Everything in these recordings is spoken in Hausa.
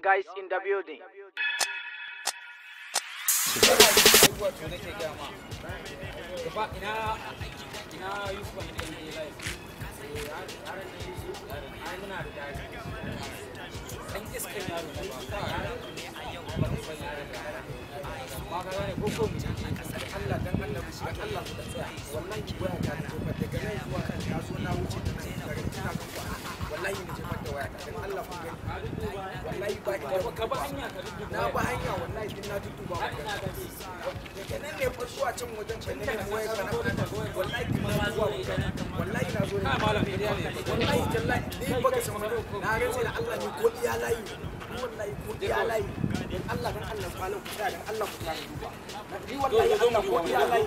guys in the building. Allah wahala ku gani ka ba hanya na ba hanya wallahi din na tuttuba daga nan ne fa zuwa can wajen can ne wai kana wallahi din na zuwa wallahi na zo ne wallahi tallahi ni baka san na rantsa da Allah ne ko iya layi wallahi ko iya layi Allah dan Allah kwalan ku da Allah ku ta duba ni wallahi Allah ko iya layi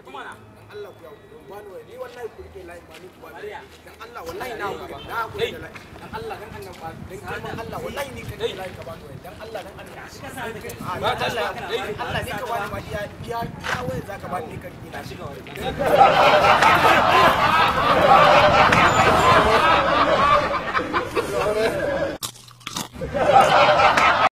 kuma na Allah ku wani ni wallahi ku layi ba ni ku ba dan Allah wallahi na ku dan Allah dan ba dan kalman Allah ni ka rike ba wai dan Allah dan ni Allah Allah ka wani zaka ba ni ka rike layi